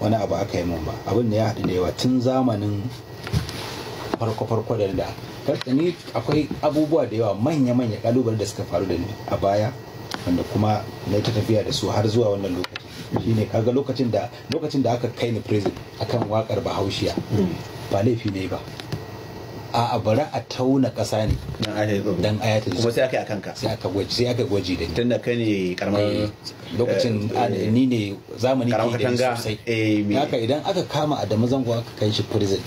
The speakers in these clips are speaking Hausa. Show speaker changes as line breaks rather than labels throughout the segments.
wani abu aka yi mun ba abin da ya haɗu da yawa tun zamanin farko-farko da da ni akwai abubuwa da yawa manya-manya kalubale da suka faru da ni a baya wanda kuma na ta tafiya da su har zuwa wannan lokacin shine kaga lokacin da lokacin da aka kai ni prison akan wakar bahaushiya hmm. ba laifi ne ba a bari a tauna ƙasa ne don ayatul kuma sai aka yi a kanka sai aka gwaji sai aka gwaji da ni. tunda ka ne karamar eh, lokacin eh, ni ne zamani ke da ni sosai eh, haka idan aka kama Adamu Zango aka kai shi prison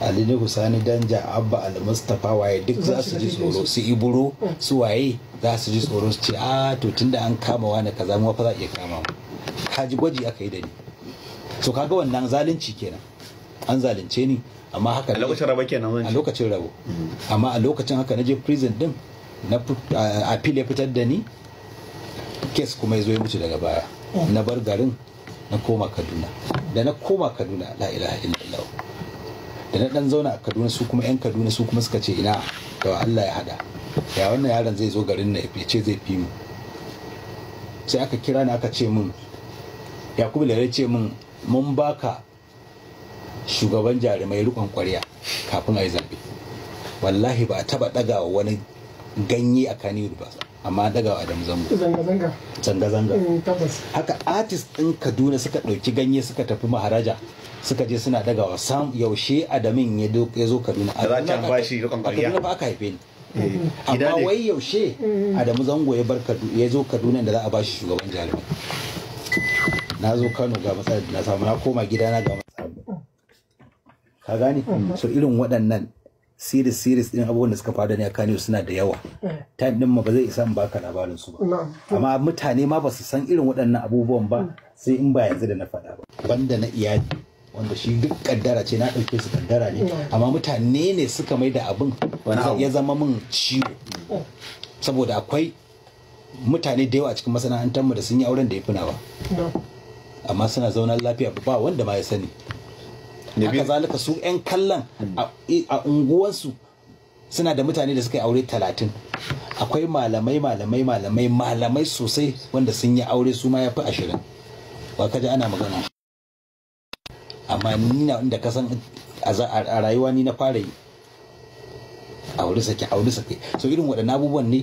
Alini Husani Danja Abba Al-Mustafa waye duk za su ji tsoro su iburo su waye za su ji tsoro su ce a to tunda an kama wani kaza mu fa za a iya kama mu ji gwaji aka yi da ni so kaga wannan zalunci kenan an zalunce ni amma haka a lokacin rabo kenan a lokacin rabo amma a lokacin haka na je prison din na appeal ya fitar da ni kes kuma ya zo ya mutu daga baya na bar garin na koma kaduna da na koma kaduna la ilaha illallah da na dan zauna a kaduna su kuma yan kaduna su kuma suka ce ina da Allah ya hada ya wannan yaron zai zo garin na ya ce zai fi mu sai aka kira ni aka ce min yakubu da ya ce min mun baka shugaban jarumai rikon kwarya kafin a yi zaɓe wallahi ba a taɓa ɗagawa wani ganye a kani ba amma dagawa adam zango zanga-zanga eh, haka artist ɗin kaduna suka ɗauki ganye suka tafi maharaja suka je suna dagawa. sam yaushe adamin ya zo kaduna a kaduna ba aka haife ni eh, amma wai yaushe mm. adamu zango ya bar ya zo kaduna da za a bashi shugaban jarumai na zo kano ga matsalar da na samu na koma gidana ga ka gane mhm. so irin waɗannan series series din abubuwan da suka faru ne a Kano suna da yawa eh. time din ma ba zai isa in baka labarin su ba amma mutane ma ba su san irin waɗannan abubuwan ba mm. sai in ba yanzu da na faɗa ba banda na iyali wanda shi duk kaddara ce na ɗauke su kaddara ne amma mutane ne suka mai da abin ya zama min ciwo eh. saboda akwai mutane da yawa a cikin masana'antar mu da sun yi auren da ya fina ba amma suna zaunar lafiya ba wanda ma ya sani haka zalika su 'yan kallon a unguwarsu suna da mutane da suka yi aure talatin akwai malamai malamai malamai malamai sosai wanda sun yi aure su ma ya fi ashirin ba ka ana magana amma ni na inda ka san a rayuwa ni na fara yi aure sake aure sake so irin waɗannan abubuwan ne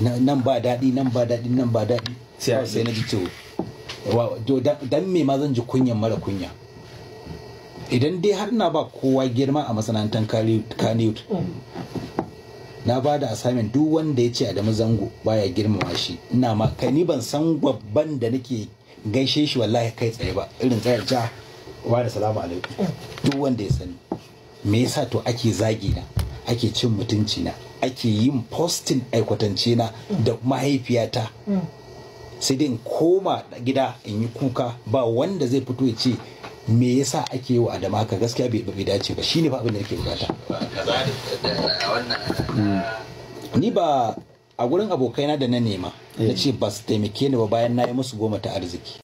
nan ba daɗi nan ba daɗi nan ba daɗi sai na ji cewa dan me ma zan ji kunyan mara kunya idan dai har na ba kowa girma a masana'antar kaniyut na ba da assignment duk wanda ya ce adamu zango baya girmama shi ina ma kai ni ban san babban da nake gaishe shi wallahi kai tsaye ba irin tsayar ja wa da salamu alaikum duk wanda ya sani me yasa to ake zagi na ake cin mutunci na ake yin postin aikwatance na da mahaifiyata mm. sai dai koma gida in yi kuka ba wanda zai fito ya ce me yasa ake yi wa adama ka gaskiya bai dace ba shine ba abin da yake bukata hmm. ni ba a gurin abokaina da na nema eh. na ce ba su taimake ni ba bayan na yi musu goma ta arziki